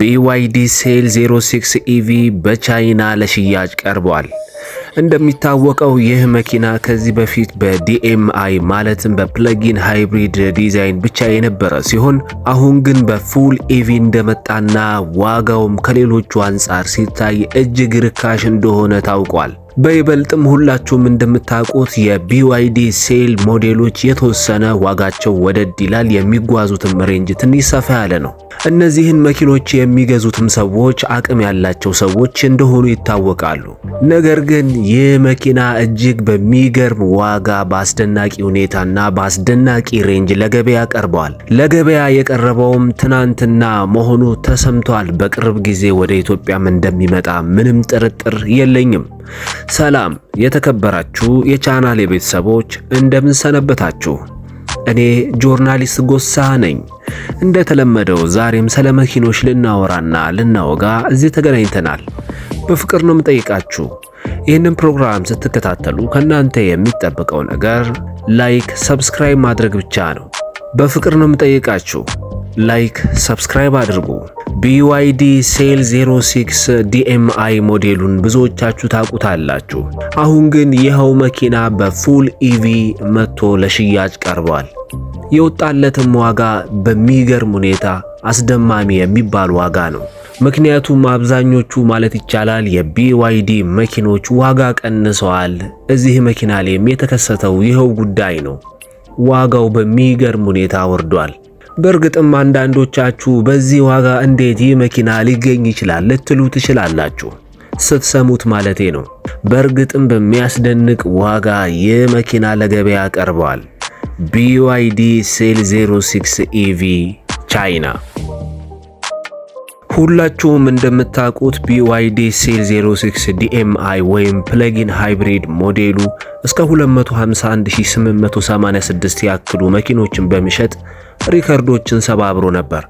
BYD ሴል 06 ኢቪ በቻይና ለሽያጭ ቀርቧል። እንደሚታወቀው ይህ መኪና ከዚህ በፊት በዲኤምአይ ማለትም በፕለጊን ሃይብሪድ ዲዛይን ብቻ የነበረ ሲሆን አሁን ግን በፉል ኢቪ e እንደመጣና ዋጋውም ከሌሎቹ አንጻር ሲታይ እጅግ ርካሽ እንደሆነ ታውቋል። በይበልጥም ሁላችሁም እንደምታውቁት የቢዋይዲ ሴል ሞዴሎች የተወሰነ ዋጋቸው ወደድ ይላል። የሚጓዙትም ሬንጅ ትንሽ ሰፋ ያለ ነው። እነዚህን መኪኖች የሚገዙትም ሰዎች አቅም ያላቸው ሰዎች እንደሆኑ ይታወቃሉ። ነገር ግን ይህ መኪና እጅግ በሚገርም ዋጋ በአስደናቂ ሁኔታና በአስደናቂ ሬንጅ ለገበያ ቀርበዋል። ለገበያ የቀረበውም ትናንትና መሆኑ ተሰምቷል። በቅርብ ጊዜ ወደ ኢትዮጵያም እንደሚመጣ ምንም ጥርጥር የለኝም። ሰላም የተከበራችሁ የቻናሌ ቤተሰቦች እንደምን ሰነበታችሁ? እኔ ጆርናሊስት ጎሳ ነኝ። እንደተለመደው ዛሬም ስለ መኪኖች ልናወራና ልናወጋ እዚህ ተገናኝተናል። በፍቅር ነው የምጠይቃችሁ። ይህንን ፕሮግራም ስትከታተሉ ከእናንተ የሚጠበቀው ነገር ላይክ፣ ሰብስክራይብ ማድረግ ብቻ ነው። በፍቅር ነው የምጠይቃችሁ። ላይክ፣ ሰብስክራይብ አድርጉ። ቢዋይዲ ሴል 06 ዲኤምአይ ሞዴሉን ብዙዎቻችሁ ታውቁታላችሁ። አሁን ግን ይኸው መኪና በፉል ኢቪ e መጥቶ ለሽያጭ ቀርቧል። የወጣለትም ዋጋ በሚገርም ሁኔታ አስደማሚ የሚባል ዋጋ ነው። ምክንያቱም አብዛኞቹ ማለት ይቻላል የቢዋይዲ መኪኖች ዋጋ ቀንሰዋል። እዚህ መኪና ላይም የተከሰተው ይኸው ጉዳይ ነው። ዋጋው በሚገርም ሁኔታ ወርዷል። በእርግጥም አንዳንዶቻችሁ በዚህ ዋጋ እንዴት ይህ መኪና ሊገኝ ይችላል ልትሉ ትችላላችሁ። ስትሰሙት ማለቴ ነው። በእርግጥም በሚያስደንቅ ዋጋ ይህ መኪና ለገበያ ቀርበዋል። BYD ሴል 06 ኢቪ ቻይና። ሁላችሁም እንደምታውቁት BYD ሴል 06 DMI ወይም ፕለጊን ሃይብሪድ ሞዴሉ እስከ 251886 ያክሉ መኪኖችን በመሸጥ ሪከርዶችን ሰባብሮ ነበር።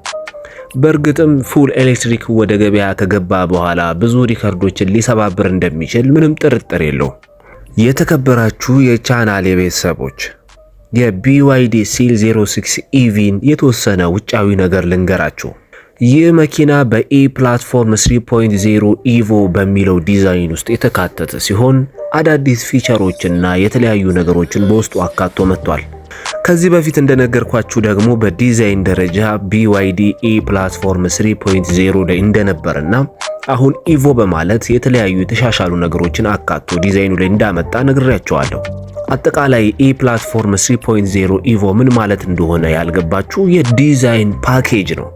በእርግጥም ፉል ኤሌክትሪክ ወደ ገበያ ከገባ በኋላ ብዙ ሪከርዶችን ሊሰባብር እንደሚችል ምንም ጥርጥር የለውም። የተከበራችሁ የቻናል የቤተሰቦች የቢዋይዲ ሲል 06 ኢቪን የተወሰነ ውጫዊ ነገር ልንገራችሁ። ይህ መኪና በኢ ፕላትፎርም 3.0 ኢቮ በሚለው ዲዛይን ውስጥ የተካተተ ሲሆን አዳዲስ ፊቸሮችና የተለያዩ ነገሮችን በውስጡ አካቶ መጥቷል። ከዚህ በፊት እንደነገርኳችሁ ደግሞ በዲዛይን ደረጃ BYD E ፕላትፎርም 3.0 ላይ እንደነበርና አሁን ኢቮ በማለት የተለያዩ የተሻሻሉ ነገሮችን አካቶ ዲዛይኑ ላይ እንዳመጣ ነግሬያቸዋለሁ። አጠቃላይ ኢ ፕላትፎርም 3.0 ኢቮ ምን ማለት እንደሆነ ያልገባችሁ የዲዛይን ፓኬጅ ነው።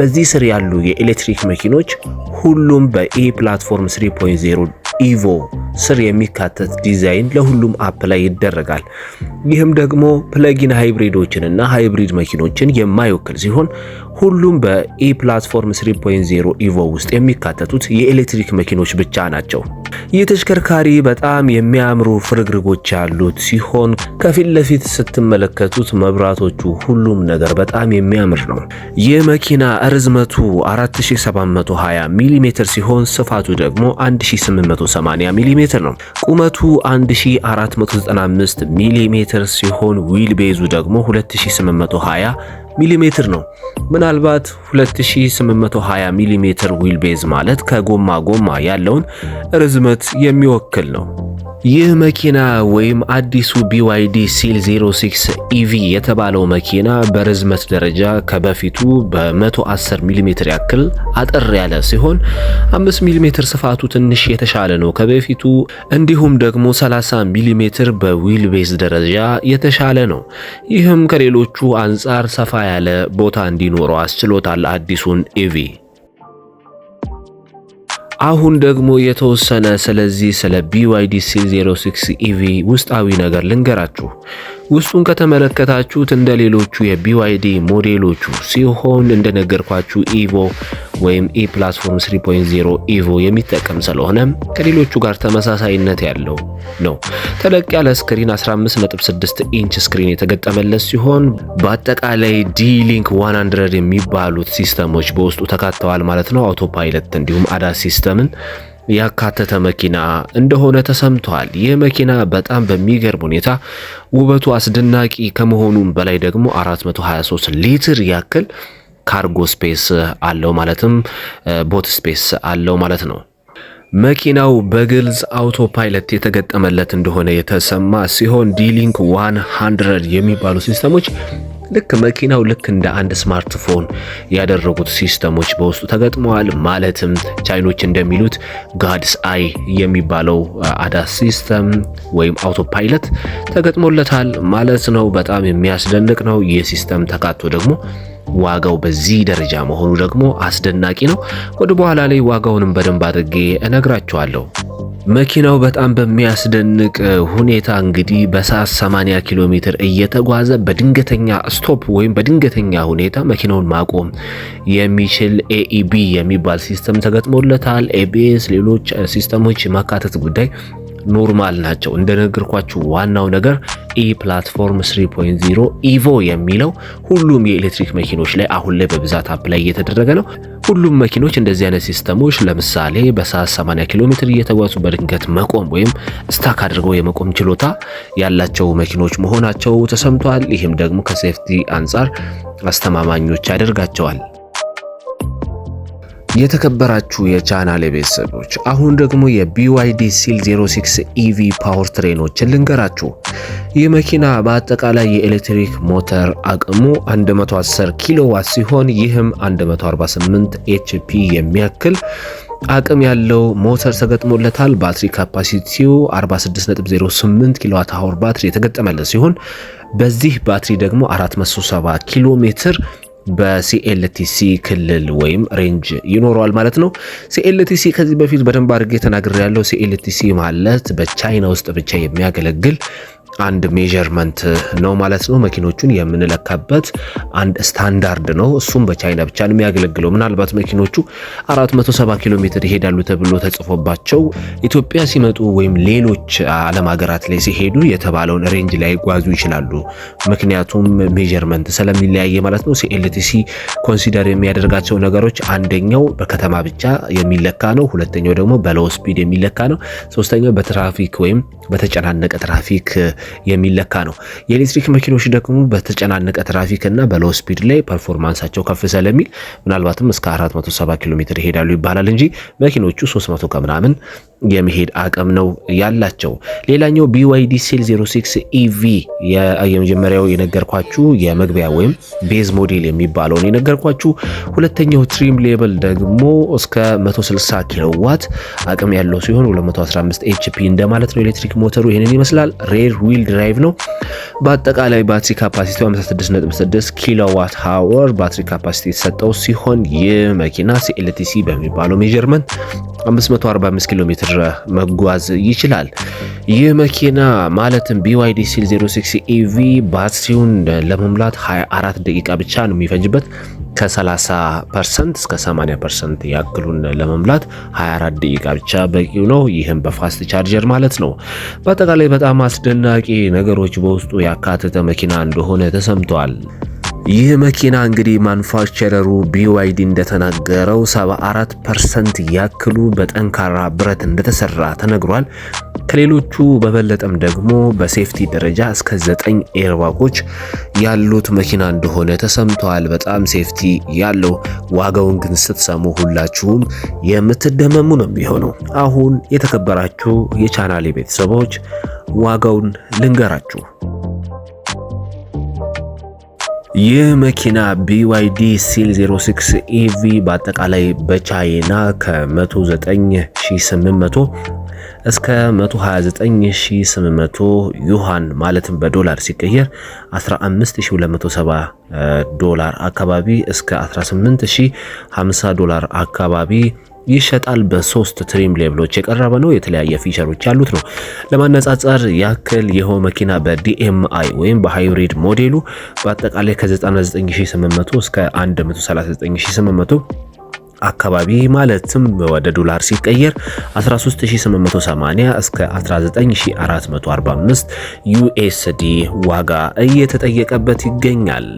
በዚህ ስር ያሉ የኤሌክትሪክ መኪኖች ሁሉም በኢ ፕላትፎርም 3.0 ኢቮ ስር የሚካተት ዲዛይን ለሁሉም አፕ ላይ ይደረጋል። ይህም ደግሞ ፕለጊን ሃይብሪዶችንና ሃይብሪድ መኪኖችን የማይወክል ሲሆን ሁሉም በኢ ፕላትፎርም 3.0 ኢቮ ውስጥ የሚካተቱት የኤሌክትሪክ መኪኖች ብቻ ናቸው። ይህ ተሽከርካሪ በጣም የሚያምሩ ፍርግርጎች ያሉት ሲሆን ከፊት ለፊት ስትመለከቱት መብራቶቹ፣ ሁሉም ነገር በጣም የሚያምር ነው። ይህ መኪና ርዝመቱ 4720 ሚሜ ሲሆን ስፋቱ ደግሞ 1880 ሚሜ ነው። ቁመቱ 1495 ሚሜ ሲሆን ዊል ቤዙ ደግሞ 2820 ሚሊሜትር ነው። ምናልባት 2820 ሚሊሜትር ዊልቤዝ ማለት ከጎማ ጎማ ያለውን ርዝመት የሚወክል ነው። ይህ መኪና ወይም አዲሱ ቢዋይዲ ሲል 06 ኢቪ የተባለው መኪና በርዝመት ደረጃ ከበፊቱ በ110 ሚሜ ያክል አጠር ያለ ሲሆን 5 ሚሜ ስፋቱ ትንሽ የተሻለ ነው ከበፊቱ። እንዲሁም ደግሞ 30 ሚሜ በዊል ቤዝ ደረጃ የተሻለ ነው። ይህም ከሌሎቹ አንጻር ሰፋ ያለ ቦታ እንዲኖረው አስችሎታል አዲሱን ኢቪ አሁን ደግሞ የተወሰነ ስለዚህ ስለ BYD C06 EV ውስጣዊ ነገር ልንገራችሁ። ውስጡን ከተመለከታችሁት እንደ ሌሎቹ የቢዋይዲ ሞዴሎቹ ሲሆን እንደነገርኳችሁ ኢቮ ወይም ኢ ፕላትፎርም 3.0 ኢቮ የሚጠቀም ስለሆነ ከሌሎቹ ጋር ተመሳሳይነት ያለው ነው። ተለቅ ያለ ስክሪን 15.6 ኢንች ስክሪን የተገጠመለት ሲሆን በአጠቃላይ ዲ ሊንክ 100 የሚባሉት ሲስተሞች በውስጡ ተካተዋል ማለት ነው። አውቶፓይለት እንዲሁም አዳስ ሲስተምን ያካተተ መኪና እንደሆነ ተሰምቷል። ይህ መኪና በጣም በሚገርም ሁኔታ ውበቱ አስደናቂ ከመሆኑም በላይ ደግሞ 423 ሊትር ያክል ካርጎ ስፔስ አለው ማለትም ቦት ስፔስ አለው ማለት ነው። መኪናው በግልጽ አውቶ ፓይለት የተገጠመለት እንደሆነ የተሰማ ሲሆን ዲሊንክ 100 የሚባሉ ሲስተሞች ልክ መኪናው ልክ እንደ አንድ ስማርትፎን ያደረጉት ሲስተሞች በውስጡ ተገጥመዋል። ማለትም ቻይኖች እንደሚሉት ጋድስ አይ የሚባለው አዳስ ሲስተም ወይም አውቶ ፓይለት ተገጥሞለታል ማለት ነው። በጣም የሚያስደንቅ ነው። ይህ ሲስተም ተካቶ ደግሞ ዋጋው በዚህ ደረጃ መሆኑ ደግሞ አስደናቂ ነው። ወደ በኋላ ላይ ዋጋውንም በደንብ አድርጌ እነግራችኋለሁ። መኪናው በጣም በሚያስደንቅ ሁኔታ እንግዲህ በሰዓት 80 ኪሎ ሜትር እየተጓዘ በድንገተኛ ስቶፕ ወይም በድንገተኛ ሁኔታ መኪናውን ማቆም የሚችል ኤኢቢ የሚባል ሲስተም ተገጥሞለታል። ኤቢኤስ፣ ሌሎች ሲስተሞች የማካተት ጉዳይ ኖርማል ናቸው። እንደነገርኳችሁ ዋናው ነገር ኢ ፕላትፎርም 3.0 ኢቮ የሚለው ሁሉም የኤሌክትሪክ መኪኖች ላይ አሁን ላይ በብዛት አፕላይ እየተደረገ ነው። ሁሉም መኪኖች እንደዚህ አይነት ሲስተሞች ለምሳሌ በሰዓት 80 ኪሎ ሜትር እየተጓዙ በድንገት መቆም ወይም ስታክ አድርገው የመቆም ችሎታ ያላቸው መኪኖች መሆናቸው ተሰምቷል። ይህም ደግሞ ከሴፍቲ አንጻር አስተማማኞች ያደርጋቸዋል። የተከበራችሁ የቻናል ቤተሰቦች አሁን ደግሞ የቢዋይዲ ሲል 06 ኢቪ ፓወር ትሬኖችን ልንገራችሁ። ይህ መኪና በአጠቃላይ የኤሌክትሪክ ሞተር አቅሙ 110 ኪሎዋት ሲሆን ይህም 148 ኤችፒ የሚያክል አቅም ያለው ሞተር ተገጥሞለታል። ባትሪ ካፓሲቲው 46.08 ኪሎዋት አወር ባትሪ የተገጠመለት ሲሆን በዚህ ባትሪ ደግሞ 470 ኪሎ ሜትር በሲኤልቲሲ ክልል ወይም ሬንጅ ይኖረዋል ማለት ነው። ሲኤልቲሲ ከዚህ በፊት በደንብ አድርጌ ተናግሬ ያለው ሲኤልቲሲ ማለት በቻይና ውስጥ ብቻ የሚያገለግል አንድ ሜዠርመንት ነው ማለት ነው። መኪኖቹን የምንለካበት አንድ ስታንዳርድ ነው። እሱም በቻይና ብቻ ነው የሚያገለግለው። ምናልባት መኪኖቹ 470 ኪሎ ሜትር ይሄዳሉ ተብሎ ተጽፎባቸው ኢትዮጵያ ሲመጡ ወይም ሌሎች ዓለም ሀገራት ላይ ሲሄዱ የተባለውን ሬንጅ ላይ ጓዙ ይችላሉ። ምክንያቱም ሜርመንት ስለሚለያየ ማለት ነው። ሲኤልቲሲ ኮንሲደር የሚያደርጋቸው ነገሮች አንደኛው በከተማ ብቻ የሚለካ ነው። ሁለተኛው ደግሞ በሎው ስፒድ የሚለካ ነው። ሶስተኛው በትራፊክ ወይም በተጨናነቀ ትራፊክ የሚለካ ነው። የኤሌክትሪክ መኪኖች ደግሞ በተጨናነቀ ትራፊክ እና በሎው ስፒድ ላይ ፐርፎርማንሳቸው ከፍ ስለሚል ምናልባትም እስከ 470 ኪሎ ሜትር ይሄዳሉ ይባላል እንጂ መኪኖቹ 300 ከምናምን የመሄድ አቅም ነው ያላቸው። ሌላኛው ቢዋይዲ ሴል 06 ኢቪ የመጀመሪያው የነገርኳችሁ የመግቢያ ወይም ቤዝ ሞዴል የሚባለውን የነገርኳችሁ። ሁለተኛው ትሪም ሌብል ደግሞ እስከ 160 ኪሎዋት አቅም ያለው ሲሆን 215 ኤችፒ እንደማለት ነው። ኤሌክትሪክ ሞተሩ ይህንን ይመስላል። ሬር ዊል ድራይቭ ነው። በአጠቃላይ ባትሪ ካፓሲቲ 566 ኪሎዋት ሃወር ባትሪ ካፓሲቲ የተሰጠው ሲሆን ይህ መኪና ሲኤልቲሲ በሚባለው ሜጀርመንት 545 ኪሎ ሜትር መጓዝ ይችላል። ይህ መኪና ማለትም BYD ሲል 06 ኤቪ ባትሪውን ለመሙላት 24 ደቂቃ ብቻ ነው የሚፈጅበት። ከ30 ፐርሰንት እስከ 80 ፐርሰንት ያክሉን ለመምላት 24 ደቂቃ ብቻ በቂው ነው። ይህም በፋስት ቻርጀር ማለት ነው። በአጠቃላይ በጣም አስደናቂ ነገሮች በውስጡ ያካተተ መኪና እንደሆነ ተሰምቷል። ይህ መኪና እንግዲህ ማኑፋክቸረሩ ቢዋይዲ እንደተናገረው 74 ፐርሰንት ያክሉ በጠንካራ ብረት እንደተሰራ ተነግሯል። ከሌሎቹ በበለጠም ደግሞ በሴፍቲ ደረጃ እስከ ዘጠኝ ኤርባጎች ያሉት መኪና እንደሆነ ተሰምተዋል። በጣም ሴፍቲ ያለው ዋጋውን ግን ስትሰሙ ሁላችሁም የምትደመሙ ነው የሚሆነው። አሁን የተከበራችሁ የቻናሌ ቤተሰቦች ዋጋውን ልንገራችሁ። ይህ መኪና BYD ሲል 06 ኢቪ በአጠቃላይ በቻይና ከ109800 እስከ 129800 ዩሃን ማለትም በዶላር ሲቀየር 15270 ዶላር አካባቢ እስከ 18050 ዶላር አካባቢ ይሸጣል። በሶስት ትሪም ሌብሎች የቀረበ ነው። የተለያየ ፊቸሮች ያሉት ነው። ለማነጻጸር ያክል ይኸው መኪና በዲኤምአይ ወይም በሃይብሪድ ሞዴሉ በአጠቃላይ ከ99800 እስከ 139800 አካባቢ ማለትም ወደ ዶላር ሲቀየር 13880 እስከ 19445 ዩኤስዲ ዋጋ እየተጠየቀበት ይገኛል።